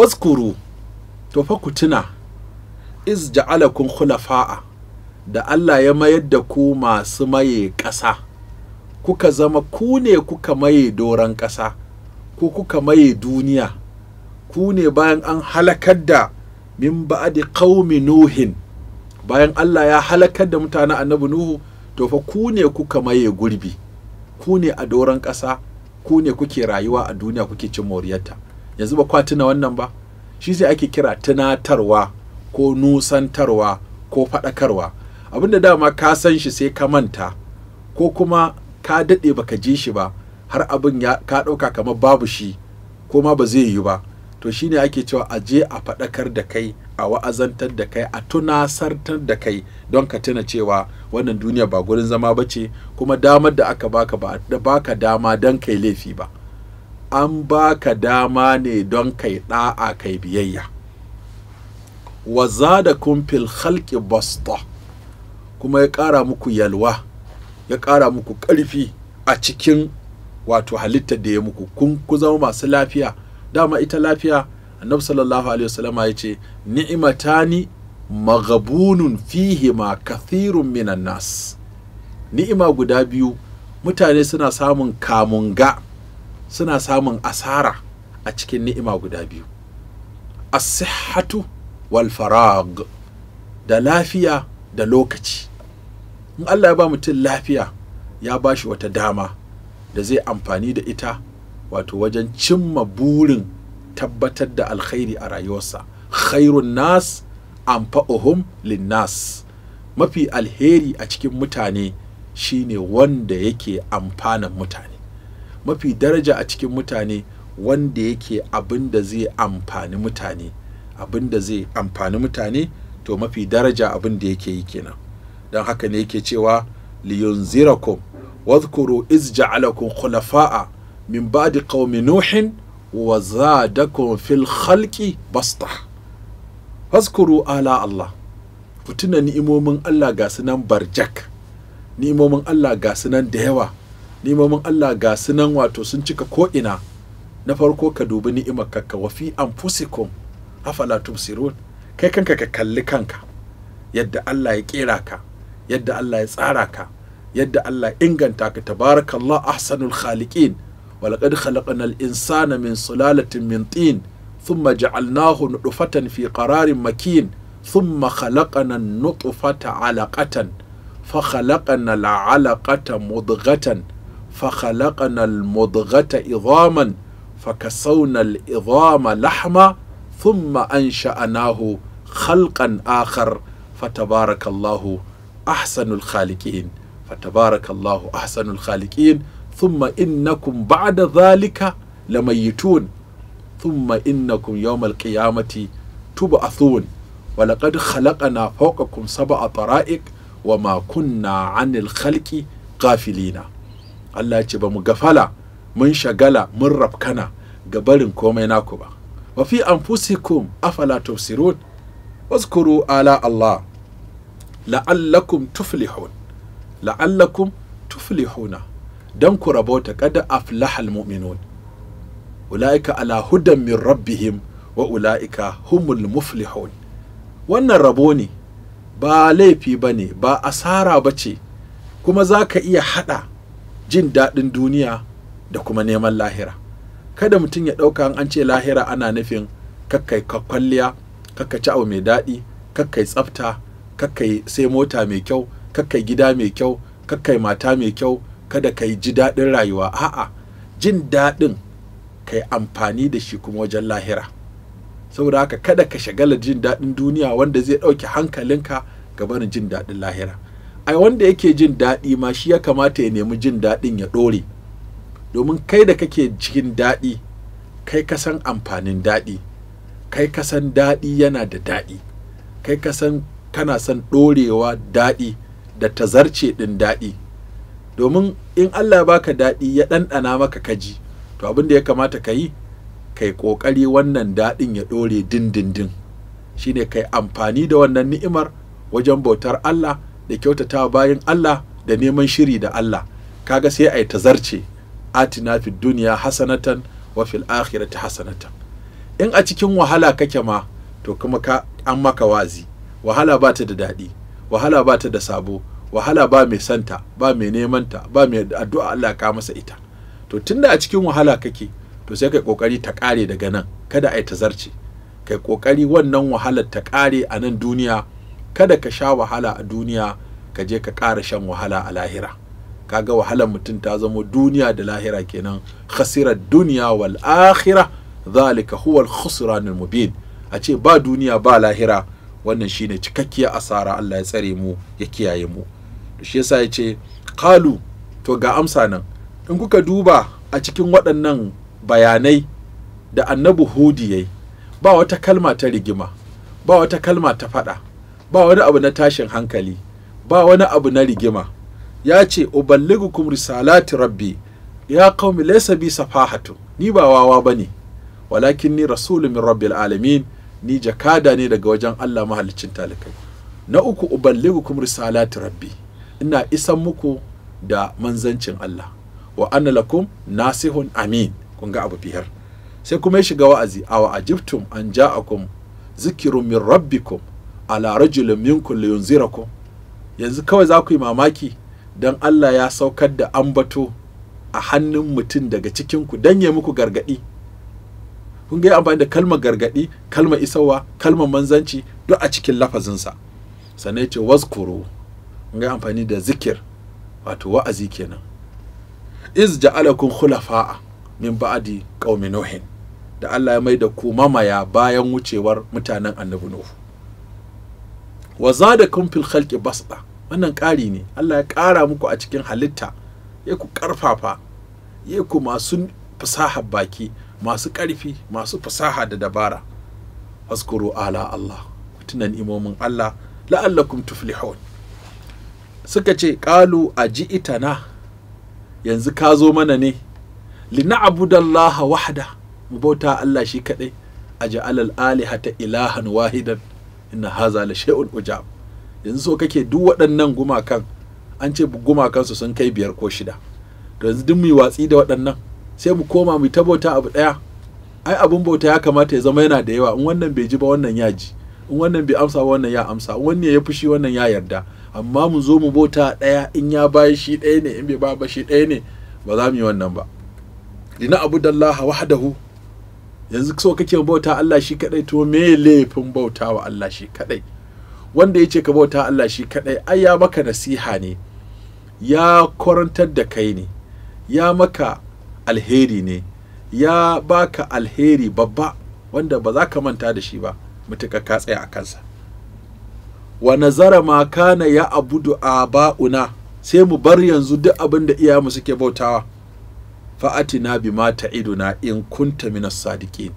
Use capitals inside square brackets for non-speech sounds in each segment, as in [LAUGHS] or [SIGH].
waskuru to fa ku tuna iz ja'alakum khulafa'a da Allah ya mayar da ku masu maye ƙasa kuka zama ku ne kuka maye doron ƙasa ku kuka maye duniya ku ne bayan an halakar da min ba'di qaumi nuhin bayan Allah ya halakar da mutanen annabi nuhu to fa ku ne kuka maye gurbi ku ne a doron ƙasa ku ne kuke rayuwa a duniya kuke cin moriyarta yanzu ba kwa tuna wannan ba shi sai ake kira tunatarwa ko nusantarwa ko faɗakarwa abinda dama ka san shi sai ka manta ko kuma ka daɗe baka ji shi ba har abin ya ka ɗauka kamar babu shi ko ma ba zai yi ba to shine ake cewa a je a faɗakar da kai a wa'azantar da kai a tunasartar da kai don ka tuna cewa wannan duniya ba gurin zama ba ce kuma damar da aka baka ba baka dama don kai laifi ba an baka dama ne don kai ɗa'a kai biyayya wa zada kumfil halki basta kuma ya ƙara muku yalwa ya ƙara muku ƙarfi a cikin wato halitta da ya muku kun ku zama masu lafiya dama ita lafiya annabi sallallahu alaihi wasallam ya ce ni'imatani magabunun fihima kathirun minan nas ni'ima guda biyu mutane suna samun kamun ga. suna samun asara a cikin ni'ima guda biyu Asihatu sihhatu wal farag da lafiya da lokaci in Allah ya ba mutum lafiya ya ba shi wata dama da zai amfani da ita wato wajen cimma burin tabbatar da alkhairi a rayuwarsa khairun nas anfa'uhum linnas mafi alheri a cikin mutane shine wanda yake amfanan mutane mafi daraja a cikin mutane wanda yake abin da zai amfani mutane abin da zai amfani mutane to mafi daraja abin da yake yi kenan don haka ne yake cewa liyunzirakum wadhkuru iz ja'alakum khulafa'a min ba'di qaumi nuhin wa zadakum fil khalqi basta fazkuru ala Allah ku tuna ni'imomin Allah ga sunan barjak ni'imomin Allah ga sunan da yawa limomin Allah ga sunan wato sun cika ko'ina na farko ka dubi ni'imar kakka wa fi an fusikun afala tumsirun kai kanka ka kalli kanka yadda Allah ya kera ka yadda Allah ya tsara ka yadda Allah ya inganta ka tabarakallahu ahsanul khaliqin walaqad khalaqna al-insana min sulalatin min tin thumma hu nuɗufatan fi qararin makin thumma khalaqna an-nutfata 'alaqatan فخلقنا العلقة mudugatan. فخلقنا المضغة عظاما فكسونا العظام لحما ثم أنشأناه خلقا آخر فتبارك الله أحسن الخالقين فتبارك الله أحسن الخالقين ثم إنكم بعد ذلك لميتون ثم إنكم يوم القيامة تبعثون ولقد خلقنا فوقكم سبع طرائق وما كنا عن الخلق غافلين Allah ya ce ba mu gafala mun shagala mun rafkana ga barin komai naku ba wa fi anfusikum afala tufsirun wazkuru ala Allah la'allakum tuflihun la'allakum tuflihuna dan ku rabota kada aflahal mu'minun ula'ika ala hudan min rabbihim wa ula'ika humul muflihun wannan rabo ne ba laifi bane ba asara bace kuma zaka iya haɗa jin daɗin duniya da kuma neman lahira kada mutum ya ɗauka an ce lahira ana nufin kakkai kwalliya kakka ci abu mai daɗi kakkai tsafta kakkai sai mota mai kyau kakkai gida mai kyau kakkai mata mai kyau kada kai ji daɗin rayuwa a'a jin daɗin kai amfani da shi kuma wajen lahira saboda haka kada ka shagala jin daɗin duniya wanda zai ɗauke hankalinka ga barin jin daɗin lahira ai wanda yake jin daɗi ma shi ya kamata ya nemi jin daɗin ya ɗore domin kai da kake cikin daɗi kai ka san amfanin daɗi kai ka san daɗi yana da daɗi kai ka san kana san ɗorewa daɗi da ta zarce ɗin daɗi domin in Allah baka daɗi ya ɗanɗana maka kaji to abin da ya kamata ka yi kai ƙoƙari wannan daɗin ya ɗore dindindin shine kai amfani da wannan ni'imar wajen bautar Allah da kyautatawa bayan Allah da neman shiri da Allah kaga sai a ai tazarce atina fi duniya hasanatan wa fil akhirati hasanatan in a cikin wahala kake ma to kuma ka an maka wazi wahala ba ta da daɗi wahala ba ta da sabo wahala ba mai santa ba mai nemanta ba mai addu'a Allah ka masa ita to tunda a cikin wahala kake to sai kai kokari ta kare daga nan kada a ai zarce. kai kokari wannan wahalar ta ƙare a nan duniya kada ka sha wahala a duniya ka je ka ƙara shan wahala a lahira Ka ga wahalar mutum ta zamo duniya da lahira kenan khasira duniya wal akhira zalika huwal khusranul mubin a ce ba duniya ba lahira wannan shine cikakkiya asara Allah ya tsare mu ya kiyaye mu shi yasa yace ce kalu to ga amsa nan in kuka duba a cikin waɗannan bayanai da annabi hudi yayi ba wata kalma ta rigima ba wata kalma ta faɗa ba wani abu na tashin hankali ba wani abu na rigima ya ce uballigukum risalati rabbi ya qaumi laysa bi safahatu ni ba wawa bane walakin ni rasulun min rabbil alamin ni jakada ne daga wajen Allah mahalicin talikai na uku uballigukum risalati rabbi ina isan muku da manzancin Allah wa anna lakum nasihun amin kun ga abu biyar sai kuma ya shiga wa'azi a ajibtum an ja'akum zikirun min rabbikum ala rajulin minkum liyunzirakum yanzu kawai za ku yi mamaki don Allah ya saukar da ambato a hannun mutum daga cikinku don ya muku gargadi. kun ga amfani da kalmar gargadi, kalmar isawa kalmar manzanci duk a cikin lafazinsa sannan ce waskuru kun ga amfani da zikir wato wa'azi kenan iz ja'alakum khulafa'a min ba'adi qaumi nuhin da Allah ya mai da ku mamaya bayan wucewar mutanen annabi nuhu wa zada kun fil khalqi basda wannan ƙari ne Allah ya ƙara muku a cikin halitta ya ku ƙarfafa ya ku masu fasaha baki masu ƙarfi masu fasaha da dabara askuru ala Allah tunan ni'imomin Allah la'allakum tuflihun suka ce ƙalu a ji itana yanzu ka zo mana ne lina abudallaha wahda mu bauta Allah shi kaɗai a ja'alal alihata ilahan wahidan inna haza la shay'ul ujab yanzu so kake duk waɗannan gumakan an ce gumakan su sun kai biyar ko shida to yanzu duk mu watsi da waɗannan sai mu koma mu ta bauta abu ɗaya ai abun bauta ya kamata ya zama yana da yawa in wannan bai ji ba wannan ya ji in wannan bai amsa ba wannan ya amsa wannan ya fushi wannan ya yarda amma mu zo mu bauta daya in ya bayi shi ɗaya ne in bai ba ba shi ɗaya ne ba za mu yi wannan ba lina abu dallaha wahdahu yanzu so kake bauta Allah shi kadai to me laifin bauta wa Allah shi kadai wanda yace ka bauta Allah shi kadai ai ya maka nasiha ne ya kwarantar da kai ne ya maka alheri ne ya baka alheri babba wanda ba za ka manta da shi ba mutuka ka tsaya a kansa wa nazara ma kana ya abudu ba'una, sai mu bar yanzu duk abin da mu suke bautawa fa'atina mata ta'iduna in kunta minas sadiqin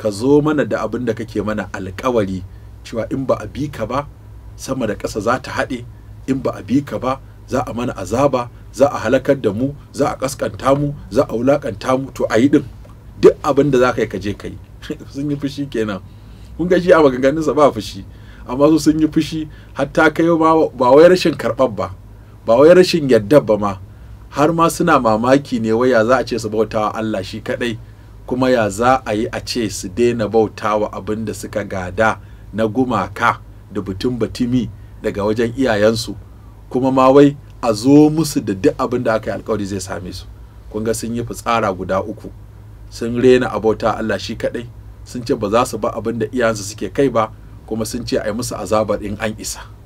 ka zo mana da abin da kake mana alkawari cewa in ba a bi ka ba sama da ƙasa za ta haɗe in ba a bi ka ba za a mana azaba za a halakar da mu za a ƙasƙanta mu za a wulaƙanta mu to a yi ɗin duk abin da za ka yi ka je ka yi [LAUGHS] sun yi fushi kenan kun ga shi a maganganunsa ba fushi amma su sun yi fushi hatta kai ba wai rashin karɓar ba ba wai rashin yarda ba ma har ma suna mamaki ne wai ya za a ce su bautawa Allah shi kadai kuma ya za a yi a ce su daina bautawa abin da suka gada na gumaka da butun batimi daga wajen iyayensu kuma ma wai a zo musu da duk abin da aka yi alkawari zai same su kun ga sun yi fitsara guda uku sun rena a bauta Allah shi kadai sun ce ba za su ba abin da iyayensu suke kai ba kuma sun ce a yi musu azabar in an isa